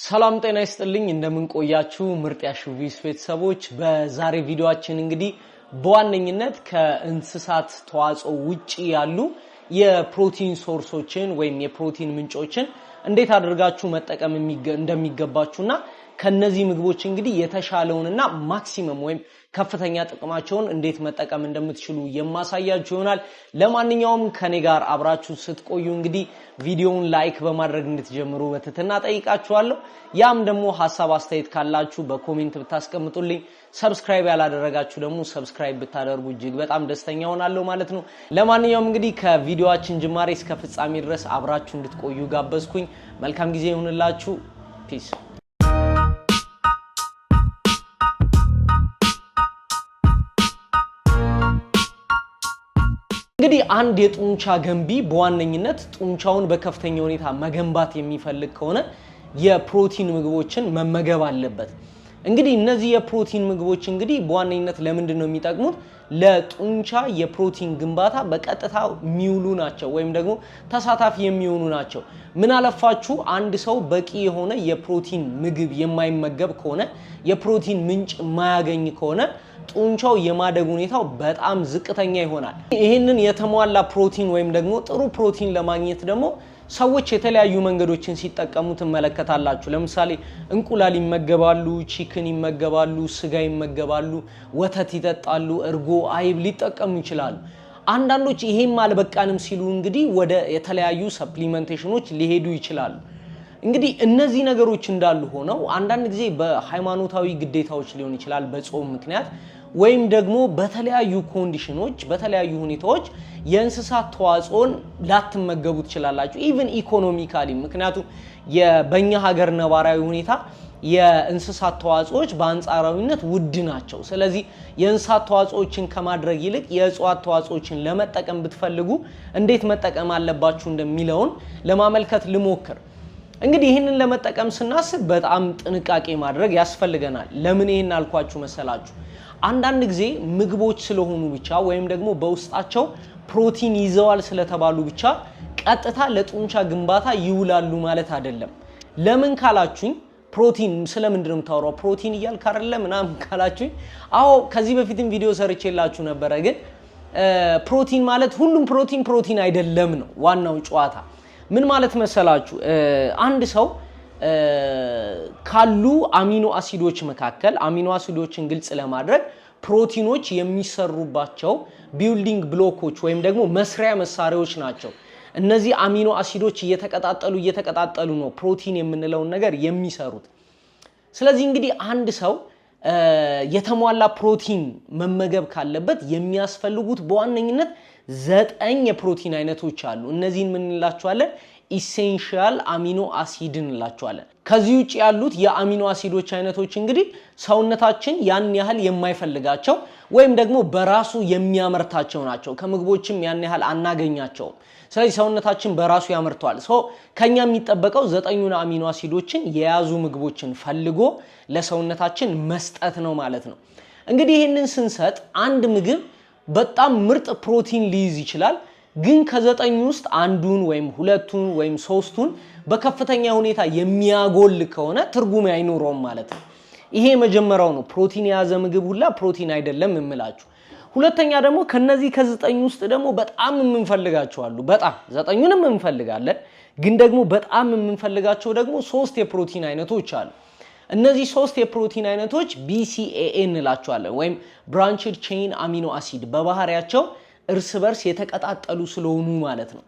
ሰላም ጤና ይስጥልኝ። እንደምንቆያችሁ ምርጥ ያሹቪስ ቤተሰቦች፣ በዛሬ ቪዲዮአችን እንግዲህ በዋነኝነት ከእንስሳት ተዋጽኦ ውጪ ያሉ የፕሮቲን ሶርሶችን ወይም የፕሮቲን ምንጮችን እንዴት አድርጋችሁ መጠቀም እንደሚገባችሁና ከነዚህ ምግቦች እንግዲህ የተሻለውንና ማክሲመም ወይም ከፍተኛ ጥቅማቸውን እንዴት መጠቀም እንደምትችሉ የማሳያችሁ ይሆናል። ለማንኛውም ከኔ ጋር አብራችሁ ስትቆዩ እንግዲህ ቪዲዮውን ላይክ በማድረግ እንድትጀምሩ በትህትና ጠይቃችኋለሁ። ያም ደግሞ ሀሳብ አስተያየት ካላችሁ በኮሜንት ብታስቀምጡልኝ፣ ሰብስክራይብ ያላደረጋችሁ ደግሞ ሰብስክራይብ ብታደርጉ እጅግ በጣም ደስተኛ ሆናለሁ ማለት ነው። ለማንኛውም እንግዲህ ከቪዲዮችን ጅማሬ እስከ ፍጻሜ ድረስ አብራችሁ እንድትቆዩ ጋበዝኩኝ። መልካም ጊዜ ይሁንላችሁ። ፒስ እንግዲህ አንድ የጡንቻ ገንቢ በዋነኝነት ጡንቻውን በከፍተኛ ሁኔታ መገንባት የሚፈልግ ከሆነ የፕሮቲን ምግቦችን መመገብ አለበት። እንግዲህ እነዚህ የፕሮቲን ምግቦች እንግዲህ በዋነኝነት ለምንድን ነው የሚጠቅሙት? ለጡንቻ የፕሮቲን ግንባታ በቀጥታ የሚውሉ ናቸው፣ ወይም ደግሞ ተሳታፊ የሚሆኑ ናቸው። ምን አለፋችሁ አንድ ሰው በቂ የሆነ የፕሮቲን ምግብ የማይመገብ ከሆነ የፕሮቲን ምንጭ የማያገኝ ከሆነ ጡንቻው የማደግ ሁኔታው በጣም ዝቅተኛ ይሆናል። ይህንን የተሟላ ፕሮቲን ወይም ደግሞ ጥሩ ፕሮቲን ለማግኘት ደግሞ ሰዎች የተለያዩ መንገዶችን ሲጠቀሙ ትመለከታላችሁ። ለምሳሌ እንቁላል ይመገባሉ፣ ቺክን ይመገባሉ፣ ስጋ ይመገባሉ፣ ወተት ይጠጣሉ፣ እርጎ፣ አይብ ሊጠቀሙ ይችላሉ። አንዳንዶች ይሄም አልበቃንም ሲሉ እንግዲህ ወደ የተለያዩ ሰፕሊመንቴሽኖች ሊሄዱ ይችላሉ። እንግዲህ እነዚህ ነገሮች እንዳሉ ሆነው አንዳንድ ጊዜ በሃይማኖታዊ ግዴታዎች ሊሆን ይችላል፣ በጾም ምክንያት ወይም ደግሞ በተለያዩ ኮንዲሽኖች፣ በተለያዩ ሁኔታዎች የእንስሳት ተዋጽኦን ላትመገቡ ትችላላችሁ። ኢቨን ኢኮኖሚካሊ፣ ምክንያቱም በእኛ ሀገር ነባራዊ ሁኔታ የእንስሳት ተዋጽኦዎች በአንጻራዊነት ውድ ናቸው። ስለዚህ የእንስሳት ተዋጽኦዎችን ከማድረግ ይልቅ የእጽዋት ተዋጽኦዎችን ለመጠቀም ብትፈልጉ እንዴት መጠቀም አለባችሁ እንደሚለውን ለማመልከት ልሞክር። እንግዲህ ይህንን ለመጠቀም ስናስብ በጣም ጥንቃቄ ማድረግ ያስፈልገናል። ለምን ይህን አልኳችሁ መሰላችሁ? አንዳንድ ጊዜ ምግቦች ስለሆኑ ብቻ ወይም ደግሞ በውስጣቸው ፕሮቲን ይዘዋል ስለተባሉ ብቻ ቀጥታ ለጡንቻ ግንባታ ይውላሉ ማለት አይደለም። ለምን ካላችሁኝ ፕሮቲን ስለምንድን ነው የምታወራው? ፕሮቲን እያልክ አይደለ ምናምን ካላችሁኝ፣ አዎ ከዚህ በፊትም ቪዲዮ ሰርቼላችሁ ነበረ። ግን ፕሮቲን ማለት ሁሉም ፕሮቲን ፕሮቲን አይደለም ነው ዋናው ጨዋታ ምን ማለት መሰላችሁ አንድ ሰው ካሉ አሚኖ አሲዶች መካከል አሚኖ አሲዶችን ግልጽ ለማድረግ ፕሮቲኖች የሚሰሩባቸው ቢልዲንግ ብሎኮች ወይም ደግሞ መስሪያ መሳሪያዎች ናቸው። እነዚህ አሚኖ አሲዶች እየተቀጣጠሉ እየተቀጣጠሉ ነው ፕሮቲን የምንለውን ነገር የሚሰሩት። ስለዚህ እንግዲህ አንድ ሰው የተሟላ ፕሮቲን መመገብ ካለበት የሚያስፈልጉት በዋነኝነት ዘጠኝ የፕሮቲን አይነቶች አሉ። እነዚህን ምን እንላቸዋለን? ኢሴንሺያል አሚኖ አሲድ እንላቸዋለን። ከዚህ ውጭ ያሉት የአሚኖ አሲዶች አይነቶች እንግዲህ ሰውነታችን ያን ያህል የማይፈልጋቸው ወይም ደግሞ በራሱ የሚያመርታቸው ናቸው። ከምግቦችም ያን ያህል አናገኛቸውም። ስለዚህ ሰውነታችን በራሱ ያመርተዋል። ሰው ከኛ የሚጠበቀው ዘጠኙን አሚኖ አሲዶችን የያዙ ምግቦችን ፈልጎ ለሰውነታችን መስጠት ነው ማለት ነው። እንግዲህ ይህንን ስንሰጥ አንድ ምግብ በጣም ምርጥ ፕሮቲን ሊይዝ ይችላል። ግን ከዘጠኝ ውስጥ አንዱን ወይም ሁለቱን ወይም ሶስቱን በከፍተኛ ሁኔታ የሚያጎል ከሆነ ትርጉም አይኖረውም ማለት ነው። ይሄ መጀመሪያው ነው። ፕሮቲን የያዘ ምግብ ሁላ ፕሮቲን አይደለም የምላችሁ። ሁለተኛ ደግሞ ከነዚህ ከዘጠኝ ውስጥ ደግሞ በጣም የምንፈልጋቸው አሉ። በጣም ዘጠኙንም እንፈልጋለን፣ ግን ደግሞ በጣም የምንፈልጋቸው ደግሞ ሶስት የፕሮቲን አይነቶች አሉ። እነዚህ ሶስት የፕሮቲን አይነቶች ቢሲኤኤ እንላቸዋለን ወይም ብራንችድ ቼይን አሚኖ አሲድ በባህሪያቸው እርስ በርስ የተቀጣጠሉ ስለሆኑ ማለት ነው።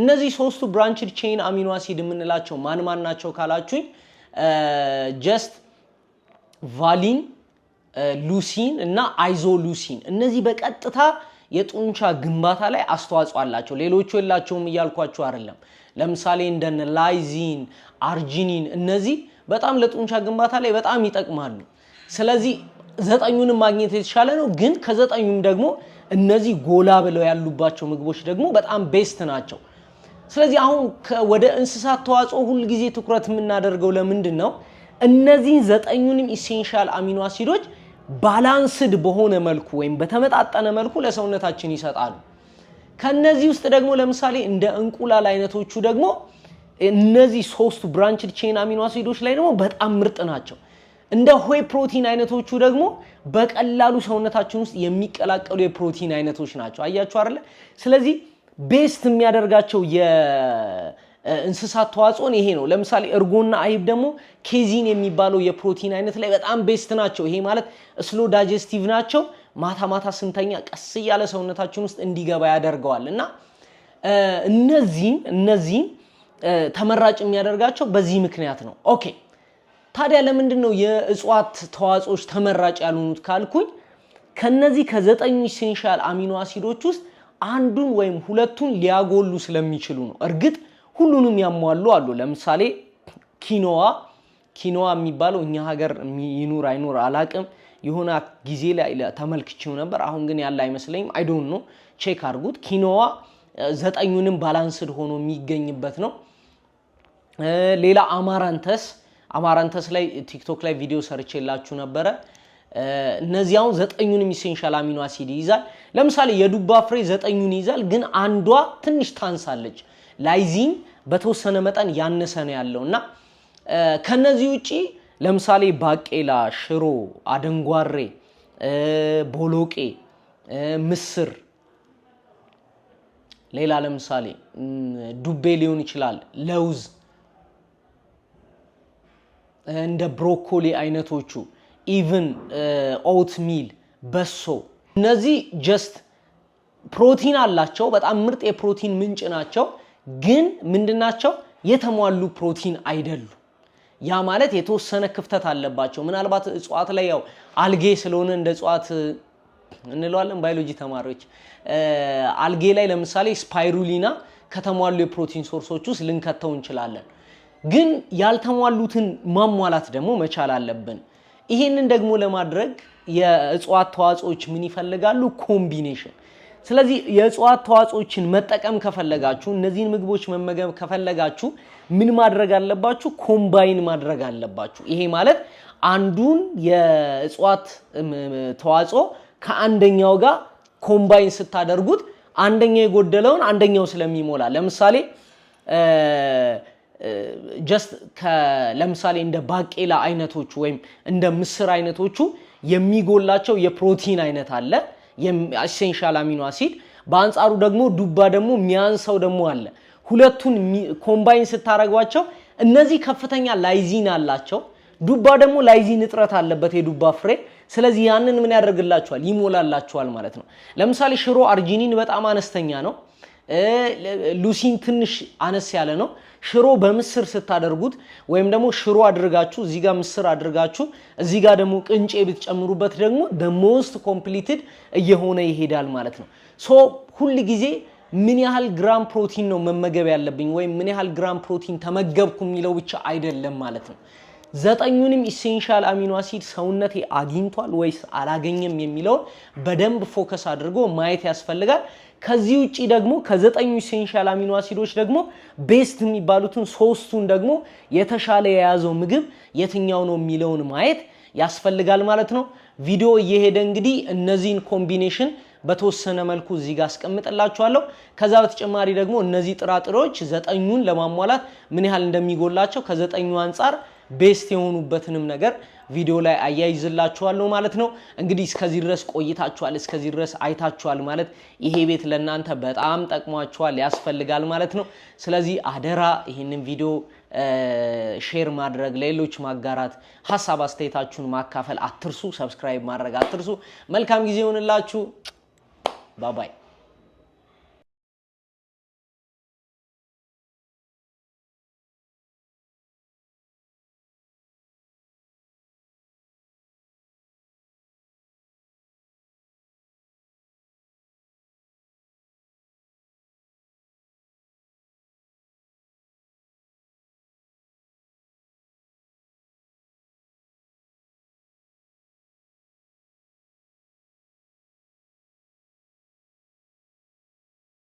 እነዚህ ሶስቱ ብራንችድ ቼይን አሚኖ አሲድ የምንላቸው ማን ማን ናቸው ካላችሁኝ ጀስት ቫሊን፣ ሉሲን እና አይዞሉሲን እነዚህ በቀጥታ የጡንቻ ግንባታ ላይ አስተዋጽኦ አላቸው። ሌሎቹ የላቸውም እያልኳቸው አይደለም። ለምሳሌ እንደነ ላይዚን፣ አርጂኒን እነዚህ በጣም ለጡንቻ ግንባታ ላይ በጣም ይጠቅማሉ። ስለዚህ ዘጠኙንም ማግኘት የተሻለ ነው። ግን ከዘጠኙም ደግሞ እነዚህ ጎላ ብለው ያሉባቸው ምግቦች ደግሞ በጣም ቤስት ናቸው። ስለዚህ አሁን ወደ እንስሳት ተዋጽኦ ጊዜ ትኩረት የምናደርገው ለምንድን ነው? እነዚህን ዘጠኙንም ኢሴንሻል አሚኖ አሲዶች ባላንስድ በሆነ መልኩ ወይም በተመጣጠነ መልኩ ለሰውነታችን ይሰጣሉ። ከነዚህ ውስጥ ደግሞ ለምሳሌ እንደ እንቁላል አይነቶቹ ደግሞ እነዚህ ሶስቱ ብራንችድ ቼን አሚኖ አሲዶች ላይ ደግሞ በጣም ምርጥ ናቸው። እንደ ሆይ ፕሮቲን አይነቶቹ ደግሞ በቀላሉ ሰውነታችን ውስጥ የሚቀላቀሉ የፕሮቲን አይነቶች ናቸው። አያችሁ አይደለ? ስለዚህ ቤስት የሚያደርጋቸው የእንስሳት ተዋጽኦን ይሄ ነው። ለምሳሌ እርጎና አይብ ደግሞ ኬዚን የሚባለው የፕሮቲን አይነት ላይ በጣም ቤስት ናቸው። ይሄ ማለት ስሎ ዳይጀስቲቭ ናቸው። ማታ ማታ ስንተኛ ቀስ እያለ ሰውነታችን ውስጥ እንዲገባ ያደርገዋል እና እነዚህም እነዚህም ተመራጭ የሚያደርጋቸው በዚህ ምክንያት ነው። ኦኬ ታዲያ ለምንድን ነው የእጽዋት ተዋጽኦች ተመራጭ ያልሆኑት ካልኩኝ ከነዚህ ከዘጠኝ ኢሴንሻል አሚኖ አሲዶች ውስጥ አንዱን ወይም ሁለቱን ሊያጎሉ ስለሚችሉ ነው። እርግጥ ሁሉንም ያሟሉ አሉ። ለምሳሌ ኪኖዋ ኪኖዋ የሚባለው እኛ ሀገር ይኑር አይኑር አላቅም። የሆነ ጊዜ ላይ ተመልክቼው ነበር። አሁን ግን ያለ አይመስለኝም። አይዶን ነው ቼክ አድርጉት። ኪኖዋ ዘጠኙንም ባላንስድ ሆኖ የሚገኝበት ነው። ሌላ አማራንተስ አማራንተስ ላይ ቲክቶክ ላይ ቪዲዮ ሰርቼ የላችሁ ነበረ። እነዚያውን ዘጠኙንም ኢሴንሻል አሚኖ አሲድ ይይዛል። ለምሳሌ የዱባ ፍሬ ዘጠኙን ይይዛል፣ ግን አንዷ ትንሽ ታንሳለች። ላይዚን በተወሰነ መጠን ያነሰ ነው ያለው እና ከነዚህ ውጪ ለምሳሌ ባቄላ፣ ሽሮ፣ አደንጓሬ፣ ቦሎቄ፣ ምስር፣ ሌላ ለምሳሌ ዱቤ ሊሆን ይችላል፣ ለውዝ እንደ ብሮኮሊ አይነቶቹ ኢቭን ኦት ሚል በሶ እነዚህ ጀስት ፕሮቲን አላቸው። በጣም ምርጥ የፕሮቲን ምንጭ ናቸው። ግን ምንድናቸው? የተሟሉ ፕሮቲን አይደሉ። ያ ማለት የተወሰነ ክፍተት አለባቸው። ምናልባት እጽዋት ላይ ያው አልጌ ስለሆነ እንደ እጽዋት እንለዋለን ባዮሎጂ ተማሪዎች። አልጌ ላይ ለምሳሌ ስፓይሩሊና ከተሟሉ የፕሮቲን ሶርሶች ውስጥ ልንከተው እንችላለን። ግን ያልተሟሉትን ማሟላት ደግሞ መቻል አለብን። ይሄንን ደግሞ ለማድረግ የእጽዋት ተዋጽኦች ምን ይፈልጋሉ? ኮምቢኔሽን። ስለዚህ የእጽዋት ተዋጽኦችን መጠቀም ከፈለጋችሁ፣ እነዚህን ምግቦች መመገብ ከፈለጋችሁ ምን ማድረግ አለባችሁ? ኮምባይን ማድረግ አለባችሁ። ይሄ ማለት አንዱን የእጽዋት ተዋጽኦ ከአንደኛው ጋር ኮምባይን ስታደርጉት አንደኛው የጎደለውን አንደኛው ስለሚሞላ ለምሳሌ ጀስት ለምሳሌ እንደ ባቄላ አይነቶቹ ወይም እንደ ምስር አይነቶቹ የሚጎላቸው የፕሮቲን አይነት አለ፣ ኢሴንሻል አሚኖ አሲድ። በአንጻሩ ደግሞ ዱባ ደግሞ የሚያንሰው ደግሞ አለ። ሁለቱን ኮምባይን ስታደረጓቸው እነዚህ ከፍተኛ ላይዚን አላቸው። ዱባ ደግሞ ላይዚን እጥረት አለበት የዱባ ፍሬ። ስለዚህ ያንን ምን ያደርግላቸዋል? ይሞላላቸዋል ማለት ነው። ለምሳሌ ሽሮ አርጂኒን በጣም አነስተኛ ነው። ሉሲን ትንሽ አነስ ያለ ነው። ሽሮ በምስር ስታደርጉት ወይም ደግሞ ሽሮ አድርጋችሁ እዚህ ጋር ምስር አድርጋችሁ እዚህ ጋር ደግሞ ቅንጬ ብትጨምሩበት ደግሞ ደሞስት ኮምፕሊትድ እየሆነ ይሄዳል ማለት ነው። ሶ ሁል ጊዜ ምን ያህል ግራም ፕሮቲን ነው መመገብ ያለብኝ ወይም ምን ያህል ግራም ፕሮቲን ተመገብኩ የሚለው ብቻ አይደለም ማለት ነው። ዘጠኙንም ኢሴንሻል አሚኖ አሲድ ሰውነቴ አግኝቷል ወይስ አላገኘም የሚለውን በደንብ ፎከስ አድርጎ ማየት ያስፈልጋል። ከዚህ ውጪ ደግሞ ከዘጠኙ ኢሴንሻል አሚኖ አሲዶች ደግሞ ቤስት የሚባሉትን ሶስቱን ደግሞ የተሻለ የያዘው ምግብ የትኛው ነው የሚለውን ማየት ያስፈልጋል ማለት ነው። ቪዲዮ እየሄደ እንግዲህ እነዚህን ኮምቢኔሽን በተወሰነ መልኩ እዚህ ጋር አስቀምጥላችኋለሁ። ከዛ በተጨማሪ ደግሞ እነዚህ ጥራጥሬዎች ዘጠኙን ለማሟላት ምን ያህል እንደሚጎላቸው ከዘጠኙ አንጻር ቤስት የሆኑበትንም ነገር ቪዲዮ ላይ አያይዝላችኋለሁ ማለት ነው። እንግዲህ እስከዚህ ድረስ ቆይታችኋል፣ እስከዚህ ድረስ አይታችኋል ማለት ይሄ ቤት ለእናንተ በጣም ጠቅሟችኋል፣ ያስፈልጋል ማለት ነው። ስለዚህ አደራ ይህንን ቪዲዮ ሼር ማድረግ፣ ለሌሎች ማጋራት፣ ሀሳብ አስተያየታችሁን ማካፈል አትርሱ። ሰብስክራይብ ማድረግ አትርሱ። መልካም ጊዜ ይሆንላችሁ። ባባይ